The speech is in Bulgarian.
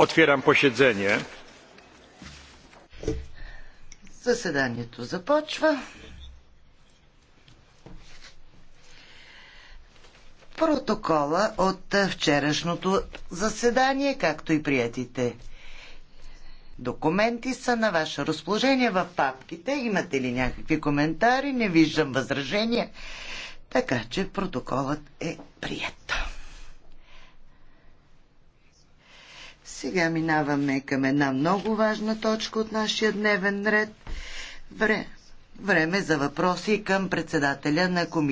Отвирам поседение. Заседанието започва. Протокола от вчерашното заседание, както и приятите документи са на ваше разположение в папките. Имате ли някакви коментари? Не виждам възражения. Така че протоколът е прият. Сега минаваме към една много важна точка от нашия дневен ред. Време за въпроси към председателя на комисията.